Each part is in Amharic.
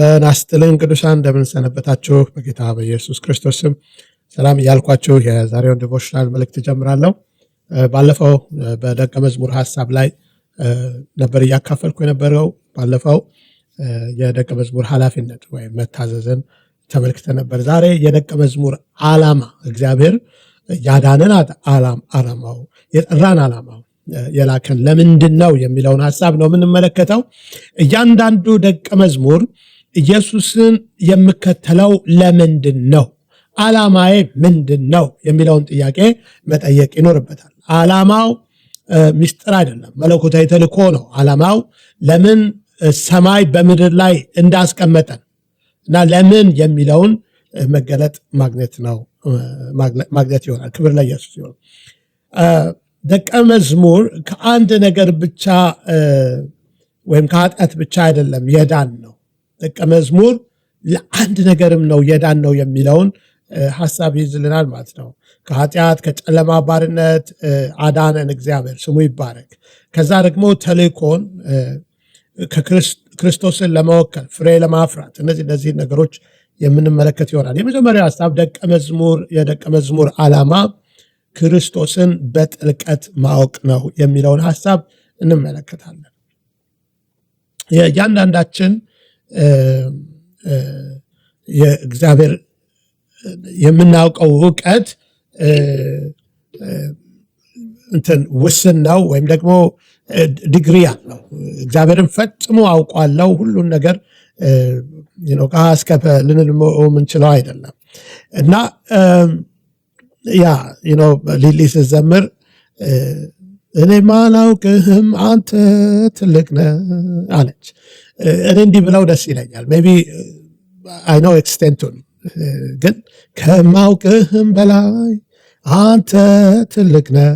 ጤና ቅዱሳን፣ እንደምንሰነበታችሁ በጌታ በኢየሱስ ክርስቶስ ስም ሰላም እያልኳችሁ የዛሬውን ዲቮሽናል መልእክት ጀምራለሁ። ባለፈው በደቀ መዝሙር ሀሳብ ላይ ነበር እያካፈልኩ የነበረው። ባለፈው የደቀ መዝሙር ኃላፊነት ወይም መታዘዝን ተመልክተ ነበር። ዛሬ የደቀ መዝሙር አላማ እግዚአብሔር ያዳንን አላማው የጠራን አላማው የላከን ለምንድን ነው የሚለውን ሀሳብ ነው የምንመለከተው። እያንዳንዱ ደቀ መዝሙር ኢየሱስን የምከተለው ለምንድን ነው? ዓላማዬ ምንድን ነው የሚለውን ጥያቄ መጠየቅ ይኖርበታል። ዓላማው ሚስጥር አይደለም፣ መለኮታዊ ተልእኮ ነው። ዓላማው ለምን ሰማይ በምድር ላይ እንዳስቀመጠን እና ለምን የሚለውን መገለጥ ማግኘት ነው ማግኘት ይሆናል። ክብር ለኢየሱስ ይሆናል። ደቀ መዝሙር ከአንድ ነገር ብቻ ወይም ከኃጢአት ብቻ አይደለም የዳን ነው ደቀ መዝሙር ለአንድ ነገርም ነው የዳን ነው የሚለውን ሀሳብ ይዝልናል ማለት ነው። ከኃጢአት ከጨለማ ባርነት አዳነን እግዚአብሔር ስሙ ይባረክ። ከዛ ደግሞ ተልኮን ክርስቶስን ለመወከል ፍሬ ለማፍራት እነዚህ እነዚህ ነገሮች የምንመለከት ይሆናል። የመጀመሪያው ሀሳብ ደቀ መዝሙር የደቀ መዝሙር ዓላማ ክርስቶስን በጥልቀት ማወቅ ነው የሚለውን ሀሳብ እንመለከታለን። እያንዳንዳችን የእግዚአብሔር የምናውቀው እውቀት እንትን ውስን ነው ወይም ደግሞ ዲግሪ ያለው እግዚአብሔርን ፈጽሞ አውቋለው ሁሉን ነገር ከስከፈ ልንል የምንችለው አይደለም እና ያ ሊሊ ስዘምር እኔ ማላውቅህም አንተ ትልቅ ነህ አለች። እኔ እንዲህ ብለው ደስ ይለኛል። ሜይ ቢ አይ ኖው ኤክስቴንቱን ግን ከማውቅህም በላይ አንተ ትልቅ ነህ።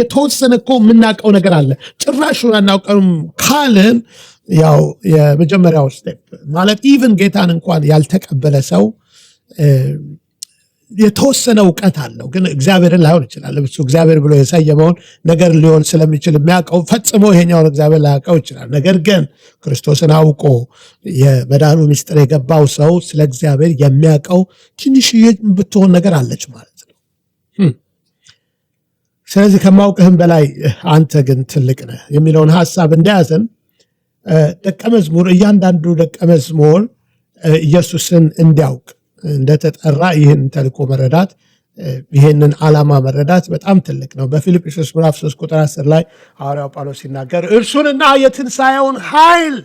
የተወሰነ እኮ የምናውቀው ነገር አለ። ጭራሹን አናውቀውም ካልን ያው የመጀመሪያው ስቴፕ ማለት ኢቨን ጌታን እንኳን ያልተቀበለ ሰው የተወሰነ እውቀት አለው፣ ግን እግዚአብሔርን ላይሆን ይችላል። እሱ እግዚአብሔር ብሎ የሰየመውን ነገር ሊሆን ስለሚችል የሚያውቀው ፈጽሞ ይሄኛውን እግዚአብሔር ላያውቀው ይችላል። ነገር ግን ክርስቶስን አውቆ የመዳኑ ምስጢር የገባው ሰው ስለ እግዚአብሔር የሚያውቀው ትንሽ ብትሆን ነገር አለች ማለት ነው። ስለዚህ ከማውቅህም በላይ አንተ ግን ትልቅ ነህ የሚለውን ሀሳብ እንደያዘን ደቀ መዝሙር እያንዳንዱ ደቀ መዝሙር ኢየሱስን እንዲያውቅ እንደተጠራ ይህን ተልኮ መረዳት ይህንን ዓላማ መረዳት በጣም ትልቅ ነው። በፊልጵስዩስ ምዕራፍ 3 ቁጥር 10 ላይ ሐዋርያው ጳውሎስ ሲናገር እርሱንና የትንሣኤውን ኃይል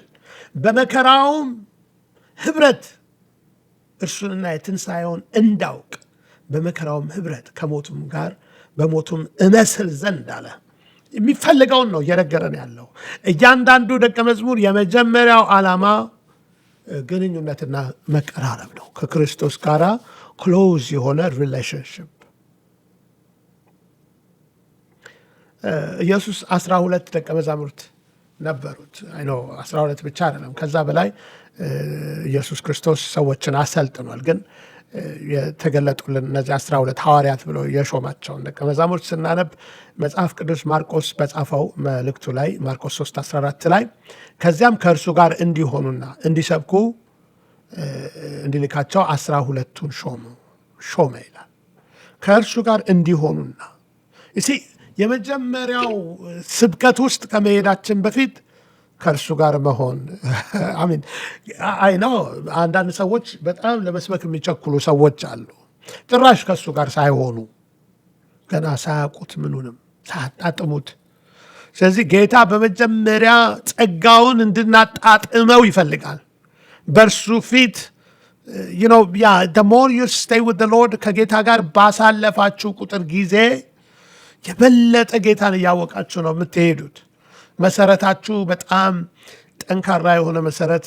በመከራውም ህብረት እርሱንና የትንሣኤውን እንዳውቅ በመከራውም ህብረት ከሞቱም ጋር በሞቱም እመስል ዘንድ አለ። የሚፈልገውን ነው እየነገረን ያለው። እያንዳንዱ ደቀ መዝሙር የመጀመሪያው ዓላማ ግንኙነትና መቀራረብ ነው። ከክርስቶስ ጋር ክሎዝ የሆነ ሪሌሽንሽፕ ኢየሱስ አስራ ሁለት ደቀ መዛሙርት ነበሩት። አይኖ አስራ ሁለት ብቻ አይደለም፣ ከዛ በላይ ኢየሱስ ክርስቶስ ሰዎችን አሰልጥኗል ግን የተገለጡልን እነዚህ አስራ ሁለት ሐዋርያት ብሎ የሾማቸውን ደቀ መዛሙርት ስናነብ መጽሐፍ ቅዱስ ማርቆስ በጻፈው መልእክቱ ላይ ማርቆስ 3 14 ላይ ከዚያም ከእርሱ ጋር እንዲሆኑና እንዲሰብኩ እንዲልካቸው አስራ ሁለቱን ሾሙ ሾመ ይላል። ከእርሱ ጋር እንዲሆኑና እሲ የመጀመሪያው ስብከት ውስጥ ከመሄዳችን በፊት ከእርሱ ጋር መሆን አሚን። አይ ነው አንዳንድ ሰዎች በጣም ለመስበክ የሚቸኩሉ ሰዎች አሉ። ጭራሽ ከእሱ ጋር ሳይሆኑ ገና ሳያውቁት ምኑንም ሳያጣጥሙት። ስለዚህ ጌታ በመጀመሪያ ጸጋውን እንድናጣጥመው ይፈልጋል። በእርሱ ፊት ያ ሞር ዩ ስቴይ ዊዝ ዘ ሎርድ ከጌታ ጋር ባሳለፋችሁ ቁጥር ጊዜ የበለጠ ጌታን እያወቃችሁ ነው የምትሄዱት። መሰረታችሁ በጣም ጠንካራ የሆነ መሰረት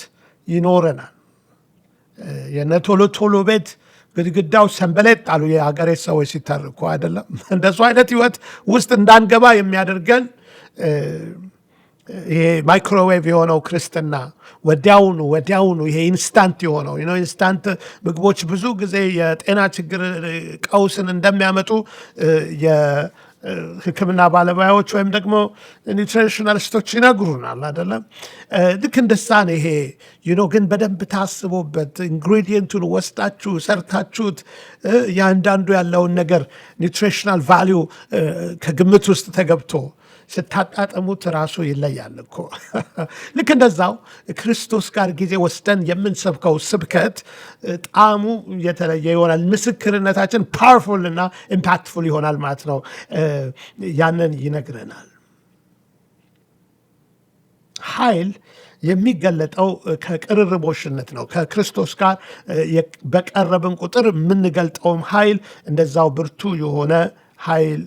ይኖረናል። የነ ቶሎ ቶሎ ቤት ግድግዳው ሰንበሌጥ አሉ የሀገሬ ሰዎች ሲተርኩ አይደለም። እንደሱ አይነት ህይወት ውስጥ እንዳንገባ የሚያደርገን ይሄ ማይክሮዌቭ የሆነው ክርስትና ወዲያውኑ ወዲያውኑ ይሄ ኢንስታንት የሆነው ኢንስታንት ምግቦች ብዙ ጊዜ የጤና ችግር ቀውስን እንደሚያመጡ ሕክምና ባለሙያዎች ወይም ደግሞ ኒትሪሽናሊስቶች ይነግሩናል አይደለም። ልክ እንደሳ ነው ይሄ ዩኖ ግን በደንብ ታስቦበት ኢንግሪዲየንቱን ወስዳችሁ ሰርታችሁት የአንዳንዱ ያለውን ነገር ኒትሬሽናል ቫሊዩ ከግምት ውስጥ ተገብቶ ስታጣጥሙት ራሱ ይለያል እኮ። ልክ እንደዛው ክርስቶስ ጋር ጊዜ ወስደን የምንሰብከው ስብከት ጣዕሙ የተለየ ይሆናል። ምስክርነታችን ፓወርፉል እና ኢምፓክትፉል ይሆናል ማለት ነው። ያንን ይነግረናል። ኃይል የሚገለጠው ከቅርርቦሽነት ነው። ከክርስቶስ ጋር በቀረብን ቁጥር የምንገልጠውም ኃይል እንደዛው ብርቱ የሆነ ኃይል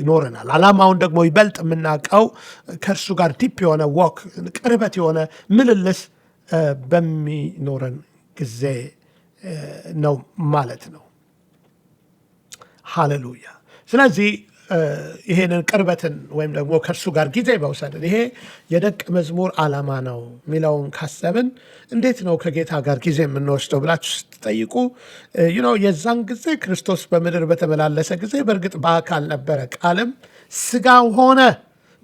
ይኖረናል። አላማውን ደግሞ ይበልጥ የምናውቀው ከእርሱ ጋር ዲፕ የሆነ ወክ ቅርበት የሆነ ምልልስ በሚኖረን ጊዜ ነው ማለት ነው። ሃሌሉያ። ስለዚህ ይሄንን ቅርበትን ወይም ደግሞ ከእርሱ ጋር ጊዜ መውሰድን ይሄ የደቀ መዝሙር ዓላማ ነው የሚለውን ካሰብን እንዴት ነው ከጌታ ጋር ጊዜ የምንወስደው ብላችሁ ስትጠይቁ ነው የዛን ጊዜ ክርስቶስ በምድር በተመላለሰ ጊዜ በእርግጥ በአካል ነበረ፣ ቃልም ስጋ ሆነ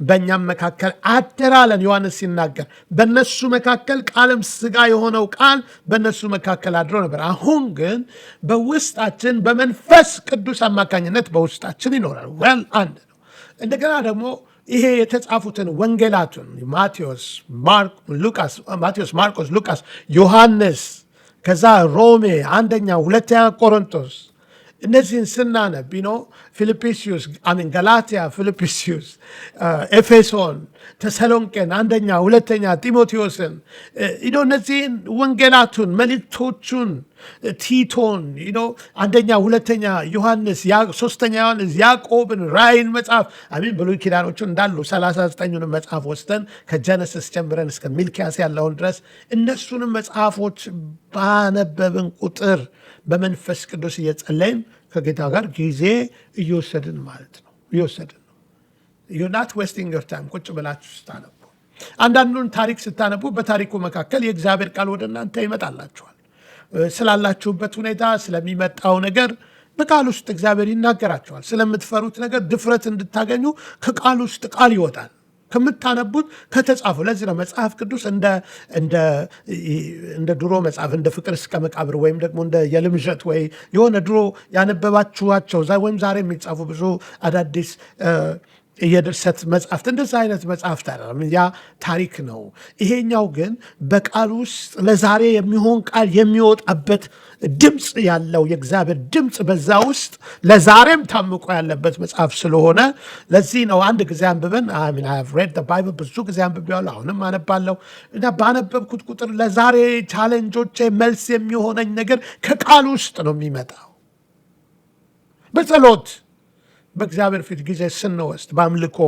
በእኛም መካከል አደራለን። ዮሐንስ ሲናገር በነሱ መካከል ቃልም ስጋ የሆነው ቃል በነሱ መካከል አድሮ ነበር። አሁን ግን በውስጣችን በመንፈስ ቅዱስ አማካኝነት በውስጣችን ይኖራል። ወል አንድ ነው። እንደገና ደግሞ ይሄ የተጻፉትን ወንጌላቱን ማቴዎስ፣ ማርቆስ፣ ሉቃስ፣ ዮሐንስ ከዛ ሮሜ አንደኛ፣ ሁለተኛ ቆሮንቶስ እነዚህን ስናነብ ነው ፊልጵስዩስ አሚን ገላትያ፣ ፊልጵስዩስ፣ ኤፌሶን፣ ተሰሎንቄን፣ አንደኛ ሁለተኛ ጢሞቴዎስን እነዚህን ወንጌላቱን መልእክቶቹን ቲቶን፣ አንደኛ ሁለተኛ ዮሐንስ፣ ሶስተኛ ዮሐንስ፣ ያዕቆብን፣ ራይን መጽሐፍ አሚን ብሉይ ኪዳኖቹን እንዳሉ 39ኙንም መጽሐፍ ወስደን ከጀነሲስ ጀምረን እስከ ሚልኪያስ ያለውን ድረስ እነሱንም መጽሐፎች ባነበብን ቁጥር በመንፈስ ቅዱስ እየጸለይን ከጌታ ጋር ጊዜ እየወሰድን ማለት ነው። እየወሰድን ነው። ዩናት ዌስቲንግ ዮር ታይም። ቁጭ ብላችሁ ስታነቡ፣ አንዳንዱን ታሪክ ስታነቡ፣ በታሪኩ መካከል የእግዚአብሔር ቃል ወደ እናንተ ይመጣላችኋል። ስላላችሁበት ሁኔታ፣ ስለሚመጣው ነገር በቃል ውስጥ እግዚአብሔር ይናገራቸዋል ስለምትፈሩት ነገር ድፍረት እንድታገኙ ከቃል ውስጥ ቃል ይወጣል። ከምታነቡት ከተጻፉ ለዚህ ነው መጽሐፍ ቅዱስ እንደ ድሮ መጽሐፍ እንደ ፍቅር እስከ መቃብር ወይም ደግሞ እንደ የልምሸት ወይ የሆነ ድሮ ያነበባችኋቸው ወይም ዛሬ የሚጻፉ ብዙ አዳዲስ የድርሰት መጽሐፍት እንደዛ አይነት መጽሐፍት አይደለም። ያ ታሪክ ነው። ይሄኛው ግን በቃል ውስጥ ለዛሬ የሚሆን ቃል የሚወጣበት ድምፅ ያለው የእግዚአብሔር ድምፅ በዛ ውስጥ ለዛሬም ታምቆ ያለበት መጽሐፍ ስለሆነ ለዚህ ነው አንድ ጊዜ አንብበን ባይብል ብዙ ጊዜ አንብቤዋለሁ፣ አሁንም አነባለሁ እና ባነበብኩት ቁጥር ለዛሬ ቻለንጆቼ መልስ የሚሆነኝ ነገር ከቃል ውስጥ ነው የሚመጣው በጸሎት በእግዚአብሔር ፊት ጊዜ ስንወስድ በአምልኮ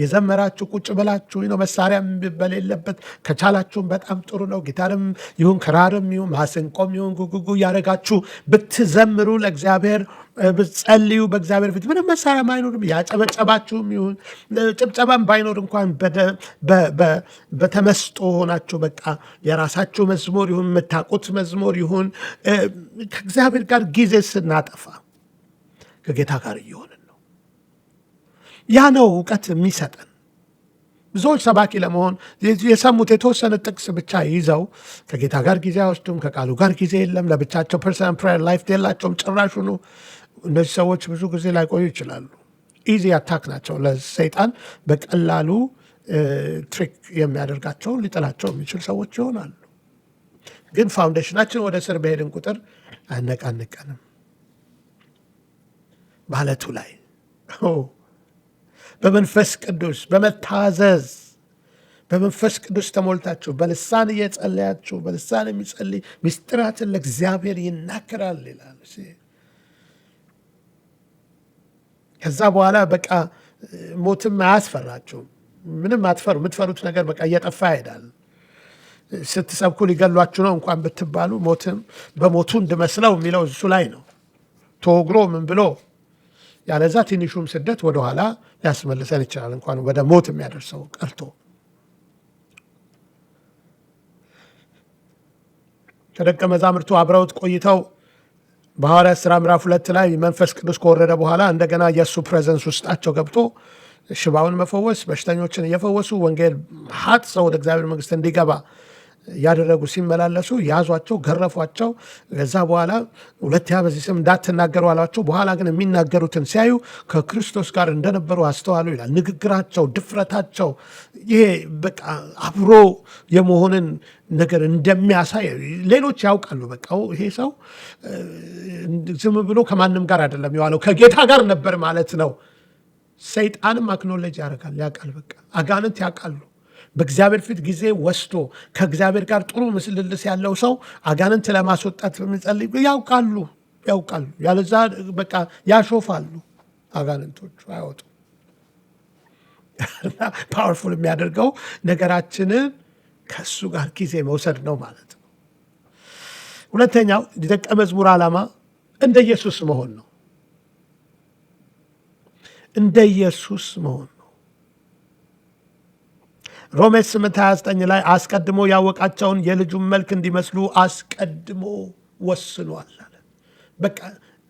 የዘመራችሁ ቁጭ ብላችሁ ነው፣ መሳሪያም በሌለበት ከቻላችሁም በጣም ጥሩ ነው። ጊታርም ይሁን ክራርም ይሁን ማስንቆም ይሁን ጉጉጉ እያደረጋችሁ ብትዘምሩ ለእግዚአብሔር ብትጸልዩ በእግዚአብሔር ፊት ምንም መሳሪያ አይኖርም። ያጨበጨባችሁም ይሁን ጭብጨባም ባይኖር እንኳን በተመስጦ ሆናችሁ በቃ የራሳችሁ መዝሙር ይሁን የምታውቁት መዝሙር ይሁን ከእግዚአብሔር ጋር ጊዜ ስናጠፋ ከጌታ ጋር እየሆነ ያ ነው እውቀት የሚሰጠን። ብዙዎች ሰባኪ ለመሆን የሰሙት የተወሰነ ጥቅስ ብቻ ይዘው ከጌታ ጋር ጊዜ አይወስዱም፣ ከቃሉ ጋር ጊዜ የለም፣ ለብቻቸው ፐርሰናል ፕራየር ላይፍ የላቸውም። ጭራሹኑ እነዚህ ሰዎች ብዙ ጊዜ ላይቆዩ ይችላሉ። ኢዚ አታክ ናቸው። ለሰይጣን በቀላሉ ትሪክ የሚያደርጋቸው ሊጥላቸው የሚችል ሰዎች ይሆናሉ። ግን ፋውንዴሽናችን ወደ ስር በሄድን ቁጥር አያነቃንቀንም ባለቱ ላይ በመንፈስ ቅዱስ በመታዘዝ በመንፈስ ቅዱስ ተሞልታችሁ በልሳን እየጸለያችሁ በልሳን የሚጸልይ ምስጢራትን ለእግዚአብሔር ይናገራል ይላል። ከዛ በኋላ በቃ ሞትም አያስፈራችሁም። ምንም አትፈሩ። የምትፈሩት ነገር በቃ እየጠፋ ይሄዳል። ስትሰብኩ ሊገሏችሁ ነው እንኳን ብትባሉ ሞትም በሞቱ እንድመስለው የሚለው እሱ ላይ ነው። ተወግሮ ምን ብሎ ያለዛ ትንሹም ስደት ወደኋላ ሊያስመልሰን ይችላል፣ እንኳን ወደ ሞት የሚያደርሰው ቀርቶ። ከደቀ መዛምርቱ አብረውት ቆይተው በሐዋርያት ስራ ምዕራፍ ሁለት ላይ መንፈስ ቅዱስ ከወረደ በኋላ እንደገና የእሱ ፕሬዘንስ ውስጣቸው ገብቶ ሽባውን መፈወስ፣ በሽተኞችን እየፈወሱ ወንጌል ሀጥ ሰው ወደ እግዚአብሔር መንግስት እንዲገባ እያደረጉ ሲመላለሱ ያዟቸው፣ ገረፏቸው። ከዛ በኋላ ያ በዚህ ስም እንዳትናገሩ አሏቸው። በኋላ ግን የሚናገሩትን ሲያዩ ከክርስቶስ ጋር እንደነበሩ አስተዋሉ ይላል። ንግግራቸው፣ ድፍረታቸው ይሄ በቃ አብሮ የመሆንን ነገር እንደሚያሳይ ሌሎች ያውቃሉ። በቃ ይሄ ሰው ዝም ብሎ ከማንም ጋር አይደለም የዋለው ከጌታ ጋር ነበር ማለት ነው። ሰይጣንም አክኖሎጂ ያደርጋል፣ ያውቃል። በቃ አጋንንት ያውቃሉ። በእግዚአብሔር ፊት ጊዜ ወስዶ ከእግዚአብሔር ጋር ጥሩ ምስልልስ ያለው ሰው አጋንንት ለማስወጣት በሚጸልይ ያውቃሉ ያውቃሉ። ያለዛ በቃ ያሾፋሉ አጋንንቶቹ አይወጡ። ፓወርፉል የሚያደርገው ነገራችንን ከእሱ ጋር ጊዜ መውሰድ ነው ማለት ነው። ሁለተኛው ደቀ መዝሙር ዓላማ እንደ ኢየሱስ መሆን ነው። እንደ ኢየሱስ መሆን ሮሜ 29 ላይ አስቀድሞ ያወቃቸውን የልጁን መልክ እንዲመስሉ አስቀድሞ ወስኗል አለ። በቃ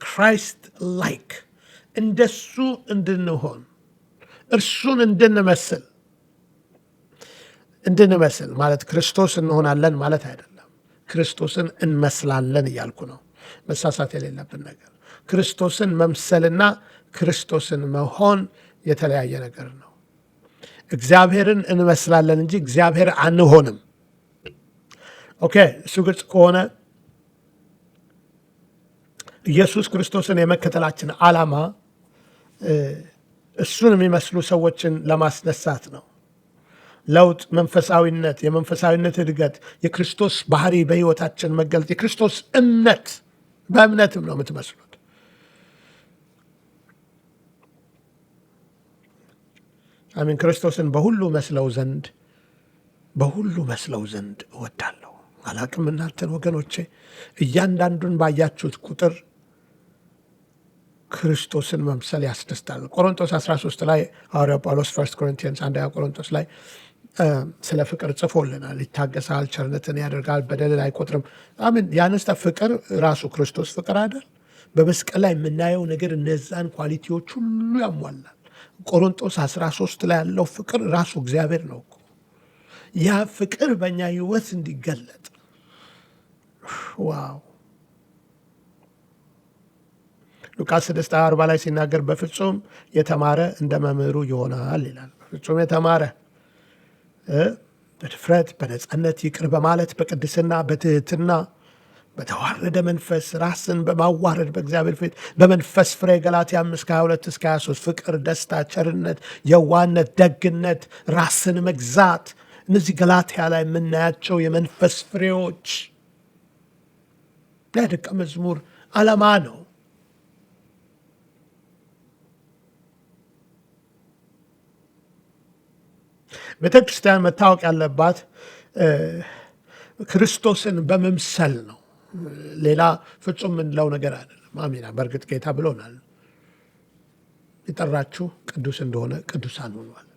ክራይስት ላይክ እንደሱ እንድንሆን እርሱን እንድንመስል እንድንመስል ማለት ክርስቶስ እንሆናለን ማለት አይደለም። ክርስቶስን እንመስላለን እያልኩ ነው። መሳሳት የሌለብን ነገር ክርስቶስን መምሰልና ክርስቶስን መሆን የተለያየ ነገር ነው። እግዚአብሔርን እንመስላለን እንጂ እግዚአብሔር አንሆንም። ኦኬ፣ እሱ ግልጽ ከሆነ ኢየሱስ ክርስቶስን የመከተላችን ዓላማ እሱን የሚመስሉ ሰዎችን ለማስነሳት ነው። ለውጥ፣ መንፈሳዊነት፣ የመንፈሳዊነት እድገት፣ የክርስቶስ ባህሪ በሕይወታችን መገለጥ፣ የክርስቶስ እምነት በእምነትም ነው የምትመስሉት። አሚን ክርስቶስን በሁሉ መስለው ዘንድ በሁሉ መስለው ዘንድ እወዳለሁ። አላቅም እናንተን ወገኖቼ፣ እያንዳንዱን ባያችሁት ቁጥር ክርስቶስን መምሰል ያስደስታል። ቆሮንቶስ 13 ላይ ሐዋርያው ጳውሎስ ፈርስት ኮሪንቲያንስ አንደኛ ቆሮንቶስ ላይ ስለ ፍቅር ጽፎልናል። ይታገሳል፣ ቸርነትን ያደርጋል፣ በደልን አይቆጥርም። አምን ያነስተ ፍቅር ራሱ ክርስቶስ ፍቅር አይደል? በመስቀል ላይ የምናየው ነገር እነዛን ኳሊቲዎች ሁሉ ያሟላል። ቆሮንጦስ 13 ላይ ያለው ፍቅር ራሱ እግዚአብሔር ነው ያ ፍቅር በእኛ ህይወት እንዲገለጥ ዋው ሉቃስ 6 40 ላይ ሲናገር በፍጹም የተማረ እንደ መምህሩ ይሆናል ይላል። በፍጹም የተማረ በድፍረት በነፃነት ይቅር በማለት በቅድስና በትህትና በተዋረደ መንፈስ ራስን በማዋረድ በእግዚአብሔር ፊት በመንፈስ ፍሬ ገላትያ 5 22 እስከ 23 ፍቅር፣ ደስታ፣ ቸርነት፣ የዋነት፣ ደግነት፣ ራስን መግዛት እነዚህ ገላትያ ላይ የምናያቸው የመንፈስ ፍሬዎች ለደቀ መዝሙር አላማ ነው። ቤተ ክርስቲያን መታወቅ ያለባት ክርስቶስን በመምሰል ነው። ሌላ ፍጹም ምንለው ነገር አይደለም። አሚና በእርግጥ ጌታ ብሎናል፣ የጠራችሁ ቅዱስ እንደሆነ ቅዱሳን ሆኗል።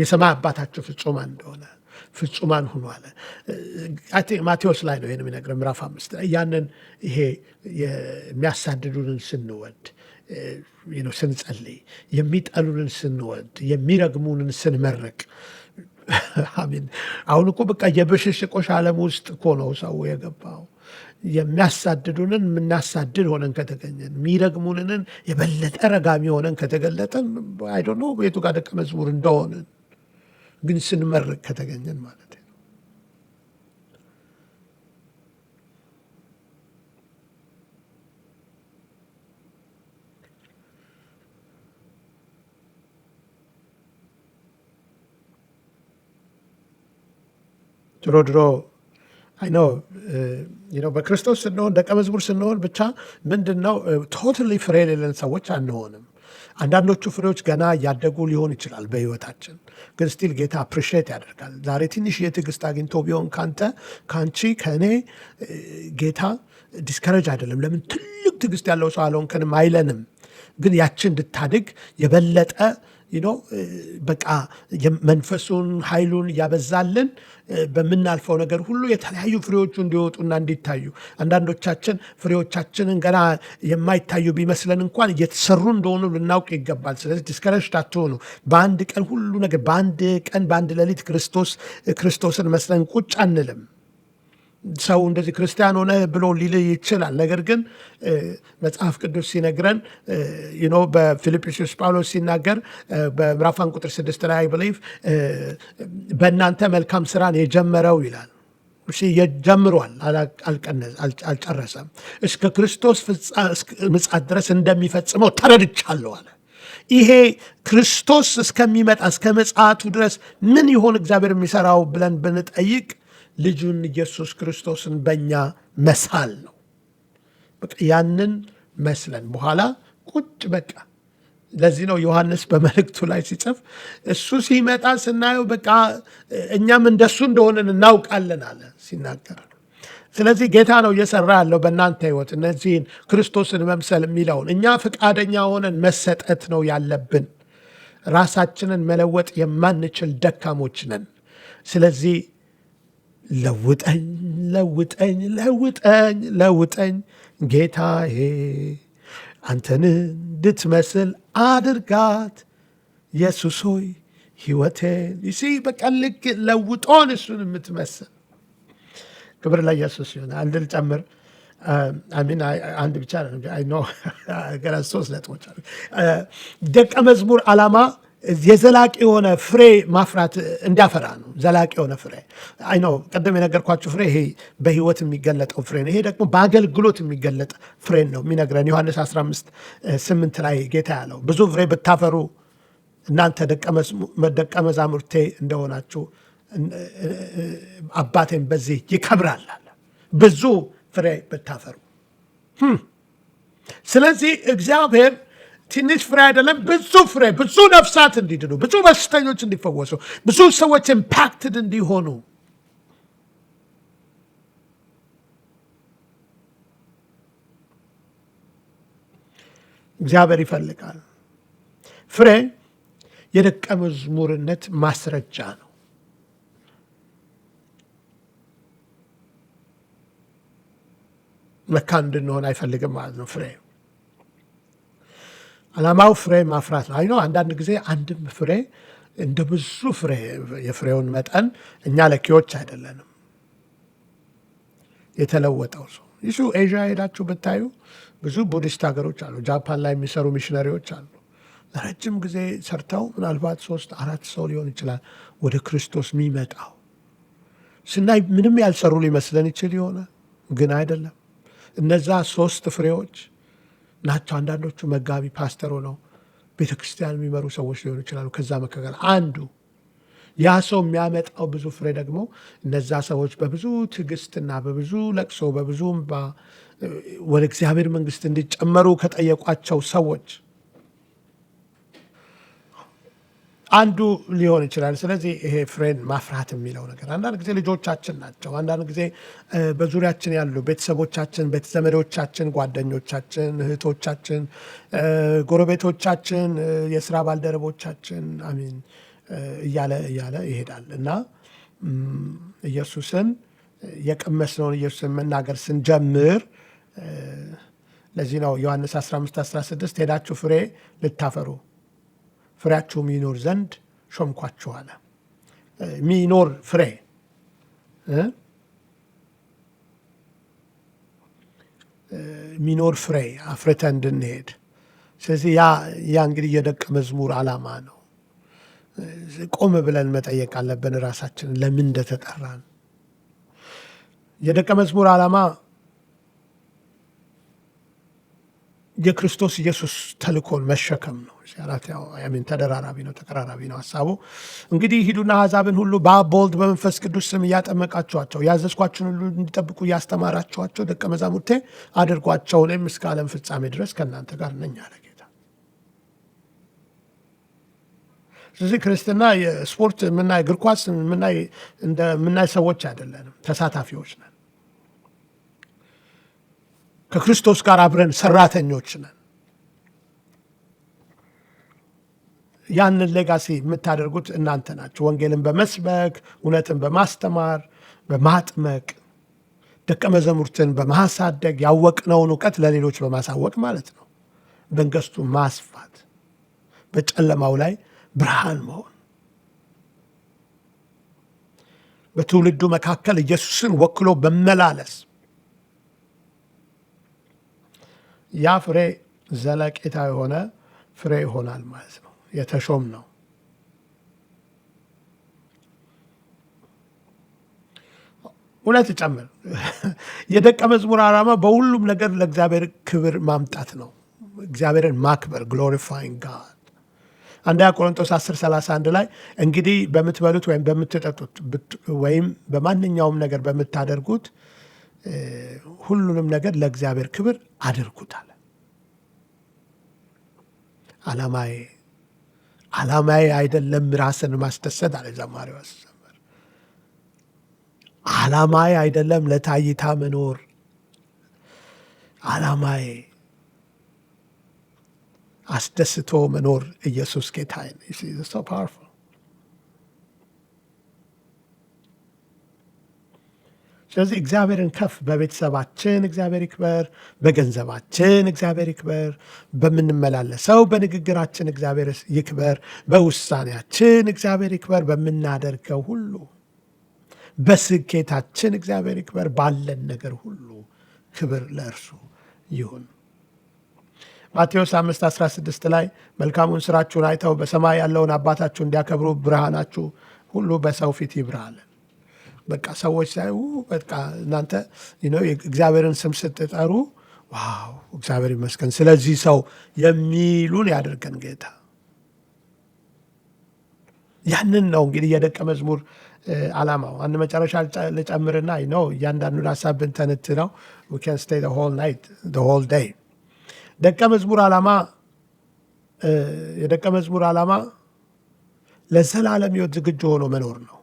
የሰማይ አባታችሁ ፍጹማን እንደሆነ ፍጹማን ሁኑ አለ። ማቴዎስ ላይ ነው ይህን የሚነግረን ምዕራፍ አምስት ላይ ያንን ይሄ የሚያሳድዱንን ስንወድ ስንጸልይ፣ የሚጠሉንን ስንወድ፣ የሚረግሙንን ስንመርቅ አሚን። አሁን እኮ በቃ የብሽሽቆሽ ዓለም ውስጥ እኮ ነው ሰው የገባው። የሚያሳድዱንን የምናሳድድ ሆነን ከተገኘን፣ የሚረግሙንን የበለጠ ረጋሚ ሆነን ከተገለጠን አይዶ ቤቱ ጋር ደቀ መዝሙር እንደሆንን ግን ስንመርቅ ከተገኘን ማለት ነው። ድሮ ድሮ አይኖ በክርስቶስ ስንሆን ደቀ መዝሙር ስንሆን ብቻ ምንድን ነው ቶታሊ ፍሬ የሌለን ሰዎች አንሆንም። አንዳንዶቹ ፍሬዎች ገና እያደጉ ሊሆን ይችላል በህይወታችን፣ ግን ስቲል ጌታ አፕሪሼት ያደርጋል። ዛሬ ትንሽ የትዕግስት አግኝቶ ቢሆን ካንተ ከአንቺ ከእኔ uh, ጌታ ዲስከረጅ አይደለም። ለምን ትልቅ ትዕግስት ያለው ሰው አልሆንክንም አይለንም፣ ግን ያችን እንድታድግ የበለጠ Eh, በቃ መንፈሱን ኃይሉን እያበዛልን eh, በምናልፈው ነገር ሁሉ የተለያዩ ፍሬዎቹ እንዲወጡና እንዲታዩ አንዳንዶቻችን ፍሬዎቻችንን ገና የማይታዩ ቢመስለን እንኳን እየተሰሩ እንደሆኑ ልናውቅ ይገባል። ስለዚህ ዲስከረጅድ አትሆኑ። በአንድ ቀን ሁሉ ነገር በአንድ ቀን በአንድ ሌሊት ክርስቶስ ክርስቶስን መስለን ቁጭ አንልም። ሰው እንደዚህ ክርስቲያን ሆነ ብሎ ሊልይ ይችላል። ነገር ግን መጽሐፍ ቅዱስ ሲነግረን ኖ በፊልጵስዩስ ጳውሎስ ሲናገር በምራፋን ቁጥር ስድስት ላይ ብሊቭ በእናንተ መልካም ስራን የጀመረው ይላል ጀምሯል፣ አልጨረሰም። እስከ ክርስቶስ ምጻት ድረስ እንደሚፈጽመው ተረድቻለሁ አለ። ይሄ ክርስቶስ እስከሚመጣ እስከ ምጽአቱ ድረስ ምን ይሆን እግዚአብሔር የሚሰራው ብለን ብንጠይቅ ልጁን ኢየሱስ ክርስቶስን በእኛ መሳል ነው። ያንን መስለን በኋላ ቁጭ በቃ ለዚህ ነው ዮሐንስ በመልእክቱ ላይ ሲጽፍ እሱ ሲመጣ ስናየው በቃ እኛም እንደሱ እንደሆነን እናውቃለን አለ ሲናገር። ስለዚህ ጌታ ነው እየሰራ ያለው በእናንተ ህይወት እነዚህን ክርስቶስን መምሰል የሚለውን እኛ ፈቃደኛ ሆነን መሰጠት ነው ያለብን። ራሳችንን መለወጥ የማንችል ደካሞች ነን። ስለዚህ ለውጠኝ ለውጠኝ ለውጠኝ ለውጠኝ ጌታዬ አንተን እንድትመስል አድርጋት ኢየሱስ ሆይ ህይወቴን ይሲ በቃ ለውጦን እሱን የምትመስል ክብር ላይ ኢየሱስ ይሆነ አንድ ልጨምር አሚን አንድ ብቻ ገና ሶስት ነጥቦች ደቀ መዝሙር አላማ። የዘላቂ የሆነ ፍሬ ማፍራት እንዲያፈራ ነው። ዘላቂ የሆነ ፍሬ አይ ነው ቀደም የነገርኳችሁ ፍሬ ይሄ በህይወት የሚገለጠው ፍሬ ነው። ይሄ ደግሞ በአገልግሎት የሚገለጥ ፍሬን ነው የሚነግረን ዮሐንስ 15 8 ላይ ጌታ ያለው ብዙ ፍሬ ብታፈሩ እናንተ ደቀ መዛሙርቴ እንደሆናችሁ አባቴን በዚህ ይከብራል አለ። ብዙ ፍሬ ብታፈሩ hm። ስለዚህ እግዚአብሔር ትንሽ ፍሬ አይደለም፣ ብዙ ፍሬ፣ ብዙ ነፍሳት እንዲድኑ፣ ብዙ በሽተኞች እንዲፈወሱ፣ ብዙ ሰዎች ኢምፓክትድ እንዲሆኑ እግዚአብሔር ይፈልጋል። ፍሬ የደቀ መዝሙርነት ማስረጃ ነው። መካን እንድንሆን አይፈልግም ማለት ነው ፍሬ ዓላማው ፍሬ ማፍራት ላይ ነው። አንዳንድ ጊዜ አንድም ፍሬ እንደ ብዙ ፍሬ የፍሬውን መጠን እኛ ለኪዎች አይደለንም። የተለወጠው ሰው ይሱ ኤዥያ ሄዳችሁ ብታዩ ብዙ ቡዲስት ሀገሮች አሉ። ጃፓን ላይ የሚሰሩ ሚሽነሪዎች አሉ። ለረጅም ጊዜ ሰርተው ምናልባት ሶስት አራት ሰው ሊሆን ይችላል ወደ ክርስቶስ የሚመጣው ስናይ ምንም ያልሰሩ ሊመስለን ይችል ይሆናል፣ ግን አይደለም። እነዛ ሶስት ፍሬዎች ናቸው። አንዳንዶቹ መጋቢ ፓስተር ሆነው ቤተ ክርስቲያን የሚመሩ ሰዎች ሊሆኑ ይችላሉ። ከዛ መካከል አንዱ ያ ሰው የሚያመጣው ብዙ ፍሬ ደግሞ እነዛ ሰዎች በብዙ ትዕግስትና በብዙ ለቅሶ በብዙ ወደ እግዚአብሔር መንግስት እንዲጨመሩ ከጠየቋቸው ሰዎች አንዱ ሊሆን ይችላል። ስለዚህ ይሄ ፍሬን ማፍራት የሚለው ነገር አንዳንድ ጊዜ ልጆቻችን ናቸው፣ አንዳንድ ጊዜ በዙሪያችን ያሉ ቤተሰቦቻችን፣ ቤተዘመዶቻችን፣ ጓደኞቻችን፣ እህቶቻችን፣ ጎረቤቶቻችን፣ የስራ ባልደረቦቻችን አሚን እያለ እያለ ይሄዳል እና ኢየሱስን የቀመስነውን ኢየሱስን መናገር ስንጀምር ለዚህ ነው ዮሐንስ 15 16 ሄዳችሁ ፍሬ ልታፈሩ ፍሬያቸው ይኖር ዘንድ ሾምኳቸው አለ። ሚኖር ፍሬ ሚኖር ፍሬ አፍርተ እንድንሄድ። ስለዚህ ያ እንግዲህ የደቀ መዝሙር ዓላማ ነው። ቆም ብለን መጠየቅ አለብን ራሳችንን ለምን እንደተጠራን። የደቀ መዝሙር ዓላማ የክርስቶስ ኢየሱስ ተልኮን መሸከም ነው። ሚን ተደራራቢ ነው፣ ተቀራራቢ ነው ሀሳቡ። እንግዲህ ሂዱና አሕዛብን ሁሉ በአብ በወልድ በመንፈስ ቅዱስ ስም እያጠመቃችኋቸው ያዘዝኳችሁን ሁሉ እንዲጠብቁ እያስተማራችኋቸው ደቀ መዛሙርቴ አድርጓቸው፣ እኔም እስከ ዓለም ፍጻሜ ድረስ ከእናንተ ጋር ነኝ አለ ጌታ። ስለዚህ ክርስትና የስፖርት የምናይ እግር ኳስ የምናይ ሰዎች አይደለንም፣ ተሳታፊዎች ነን። ከክርስቶስ ጋር አብረን ሰራተኞች ነን። ያንን ሌጋሲ የምታደርጉት እናንተ ናቸው። ወንጌልን በመስበክ እውነትን በማስተማር በማጥመቅ ደቀ መዘሙርትን በማሳደግ ያወቅነውን እውቀት ለሌሎች በማሳወቅ ማለት ነው። መንግስቱ ማስፋት፣ በጨለማው ላይ ብርሃን መሆን፣ በትውልዱ መካከል ኢየሱስን ወክሎ በመላለስ ያ ፍሬ ዘለቄታ የሆነ ፍሬ ይሆናል ማለት ነው። የተሾም ነው። እውነት ጨምር። የደቀ መዝሙር ዓላማ በሁሉም ነገር ለእግዚአብሔር ክብር ማምጣት ነው። እግዚአብሔርን ማክበር ግሎሪፋይንግ ጋድ። አንደኛ ቆሮንቶስ 10 31 ላይ እንግዲህ በምትበሉት ወይም በምትጠጡት ወይም በማንኛውም ነገር በምታደርጉት ሁሉንም ነገር ለእግዚአብሔር ክብር አድርጉታል። አላማዬ አላማዬ አይደለም ራስን ማስደሰት አለ ዘማሪው አስዘመር። አላማዬ አይደለም ለታይታ መኖር። አላማዬ አስደስቶ መኖር ኢየሱስ ጌታ ስለዚህ እግዚአብሔርን ከፍ በቤተሰባችን እግዚአብሔር ይክበር፣ በገንዘባችን እግዚአብሔር ይክበር፣ በምንመላለሰው በንግግራችን እግዚአብሔር ይክበር፣ በውሳኔያችን እግዚአብሔር ይክበር፣ በምናደርገው ሁሉ በስኬታችን እግዚአብሔር ይክበር፣ ባለን ነገር ሁሉ ክብር ለእርሱ ይሁን። ማቴዎስ 5 16 ላይ መልካሙን ስራችሁን አይተው በሰማይ ያለውን አባታችሁ እንዲያከብሩ ብርሃናችሁ ሁሉ በሰው ፊት ይብራ በቃ ሰዎች ሳይ በቃ እናንተ እግዚአብሔርን ስም ስትጠሩ ዋው እግዚአብሔር ይመስገን ስለዚህ ሰው የሚሉን ያደርገን ጌታ። ያንን ነው እንግዲህ የደቀ መዝሙር አላማው አንድ መጨረሻ ልጨምርና ነው እያንዳንዱን ሀሳብ ብንተንት ነው ን ስቴይ ደቀ መዝሙር አላማ የደቀ መዝሙር አላማ ለዘላለም ህይወት ዝግጁ ሆኖ መኖር ነው።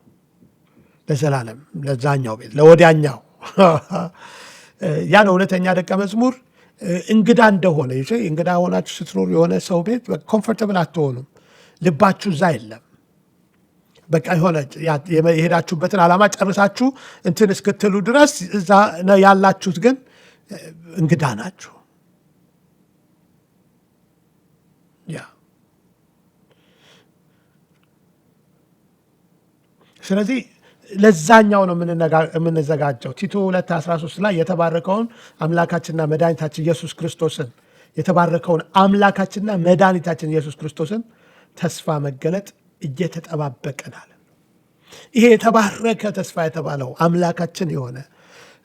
ለዘላለም ለዛኛው ቤት ለወዲያኛው ያ ነው እውነተኛ ደቀ መዝሙር። እንግዳ እንደሆነ እንግዳ ሆናችሁ ስትኖሩ የሆነ ሰው ቤት ኮምፎርተብል አትሆኑም። ልባችሁ እዛ የለም። በቃ የሆነ የሄዳችሁበትን አላማ ጨርሳችሁ እንትን እስክትሉ ድረስ እዛ ያላችሁት ግን እንግዳ ናችሁ። ስለዚህ ለዛኛው ነው የምንዘጋጀው። ቲቶ 2፥13 ላይ የተባረከውን አምላካችንና መድኃኒታችን ኢየሱስ ክርስቶስን የተባረከውን አምላካችንና መድኃኒታችን ኢየሱስ ክርስቶስን ተስፋ መገለጥ እየተጠባበቀን አለ። ይሄ የተባረከ ተስፋ የተባለው አምላካችን የሆነ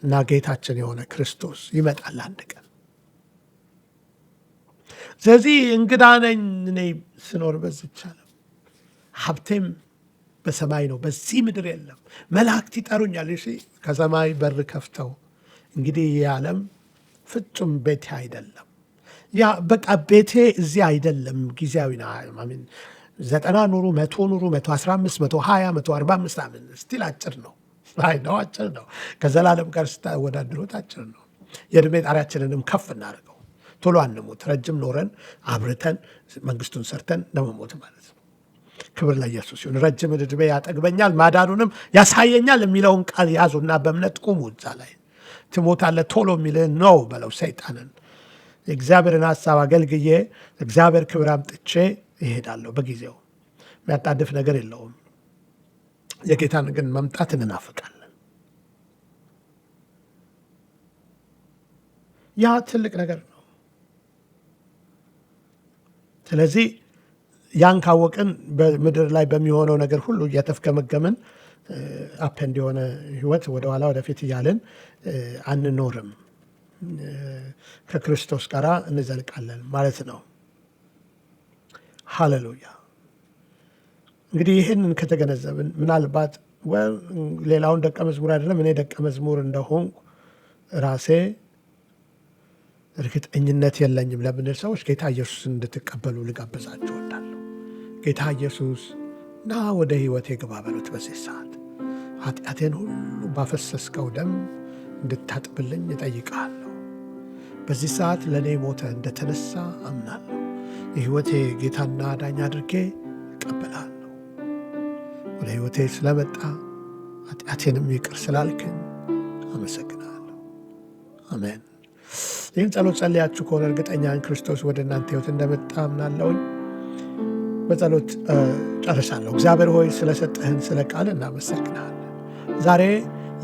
እና ጌታችን የሆነ ክርስቶስ ይመጣል አንድ ቀን። ስለዚህ እንግዳ ነኝ እኔ ስኖር በዝቻለም ሀብቴም በሰማይ ነው፣ በዚህ ምድር የለም። መላእክት ይጠሩኛል ከሰማይ በር ከፍተው። እንግዲህ ይህ ዓለም ፍጹም ቤቴ አይደለም። ያ በቃ ቤቴ እዚህ አይደለም፣ ጊዜያዊ ነው። ዘጠና ኑሩ፣ መቶ ኑሩ፣ መቶ አስራ አምስት መቶ ሀያ መቶ አርባ አምስት ዓመት ስቲል አጭር ነው። አይ ነው አጭር ነው። ከዘላለም ጋር ስታወዳድሩት አጭር ነው። የእድሜ ጣሪያችንንም ከፍ እናደርገው። ቶሎ አንሞት። ረጅም ኖረን አብርተን መንግስቱን ሰርተን ለመሞት ማለት ነው። ክብር ለኢየሱስ ይሁን። ረጅም እድሜ ያጠግበኛል ማዳኑንም ያሳየኛል የሚለውን ቃል ያዙና በእምነት ቁሙ። እዛ ላይ ትሞታለህ ቶሎ የሚልህን ነው በለው ሰይጣንን። የእግዚአብሔርን ሀሳብ አገልግዬ እግዚአብሔር ክብር አምጥቼ ይሄዳለሁ። በጊዜው የሚያጣድፍ ነገር የለውም። የጌታን ግን መምጣት እንናፍቃለን። ያ ትልቅ ነገር ነው። ስለዚህ ያን ካወቅን በምድር ላይ በሚሆነው ነገር ሁሉ እየተፍገመገምን አፕ uh, እንዲሆነ ህይወት ወደኋላ ወደፊት እያልን uh, አንኖርም። uh, ከክርስቶስ ጋር እንዘልቃለን ማለት ነው። ሃሌሉያ። እንግዲህ ይህንን ከተገነዘብን ምናልባት ሌላውን ደቀ መዝሙር አይደለም እኔ ደቀ መዝሙር እንደሆንኩ ራሴ እርግጠኝነት የለኝም ለምንል ሰዎች ጌታ ኢየሱስን እንድትቀበሉ ልጋብዛችሁ ጌታ ኢየሱስ ና ወደ ሕይወቴ ግባ በሉት። በዚህ ሰዓት ኃጢአቴን ሁሉ ባፈሰስከው ደም እንድታጥብልኝ እጠይቃለሁ። በዚህ ሰዓት ለእኔ ሞተ እንደተነሳ አምናለሁ። የሕይወቴ ጌታና ዳኛ አድርጌ እቀበላለሁ። ወደ ሕይወቴ ስለመጣ ኃጢአቴንም ይቅር ስላልክን አመሰግናለሁ። አሜን። ይህን ጸሎት ጸልያችሁ ከሆነ እርግጠኛን ክርስቶስ ወደ እናንተ ሕይወት እንደመጣ አምናለውኝ። በጸሎት ጨርሳለሁ። እግዚአብሔር ሆይ ስለሰጠህን ስለ ቃል እናመሰግናለን። ዛሬ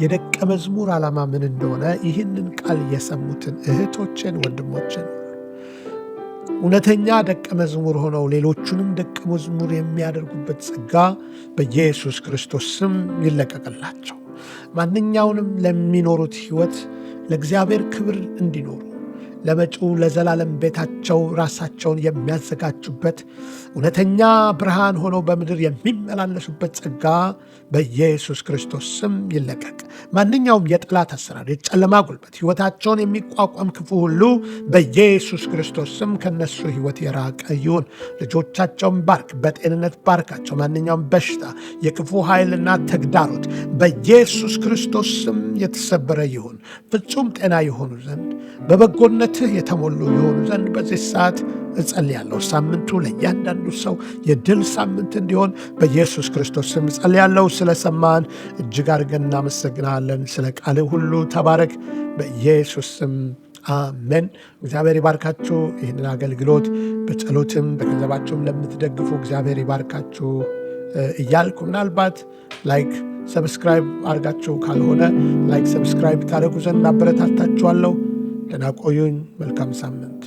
የደቀ መዝሙር ዓላማ ምን እንደሆነ ይህንን ቃል የሰሙትን እህቶችን ወንድሞችን እውነተኛ ደቀ መዝሙር ሆነው ሌሎቹንም ደቀ መዝሙር የሚያደርጉበት ጸጋ በኢየሱስ ክርስቶስ ስም ይለቀቅላቸው። ማንኛውንም ለሚኖሩት ሕይወት ለእግዚአብሔር ክብር እንዲኖሩ ለመጪው ለዘላለም ቤታቸው ራሳቸውን የሚያዘጋጁበት እውነተኛ ብርሃን ሆነው በምድር የሚመላለሱበት ጸጋ በኢየሱስ ክርስቶስ ስም ይለቀቅ። ማንኛውም የጠላት አሰራር፣ የጨለማ ጉልበት፣ ሕይወታቸውን የሚቋቋም ክፉ ሁሉ በኢየሱስ ክርስቶስ ስም ከነሱ ሕይወት የራቀ ይሁን። ልጆቻቸውን ባርክ፣ በጤንነት ባርካቸው። ማንኛውም በሽታ፣ የክፉ ኃይልና ተግዳሮት በኢየሱስ ክርስቶስ ስም የተሰበረ ይሁን። ፍጹም ጤና የሆኑ ዘንድ በበጎነት በምሕረትህ የተሞሉ የሆኑ ዘንድ በዚህ ሰዓት እጸልያለሁ። ሳምንቱ ለእያንዳንዱ ሰው የድል ሳምንት እንዲሆን በኢየሱስ ክርስቶስ ስም እጸልያለሁ። ስለሰማን እጅግ አድርገን እናመሰግናለን። ስለ ቃል ሁሉ ተባረክ። በኢየሱስ ስም አሜን። እግዚአብሔር ይባርካችሁ። ይህንን አገልግሎት በጸሎትም በገንዘባችሁም ለምትደግፉ እግዚአብሔር ይባርካችሁ እያልኩ ምናልባት ላይክ ሰብስክራይብ አድርጋችሁ ካልሆነ ላይክ ሰብስክራይብ ታደረጉ ዘንድ አበረታታችኋለሁ። ደህና ቆዩኝ። መልካም ሳምንት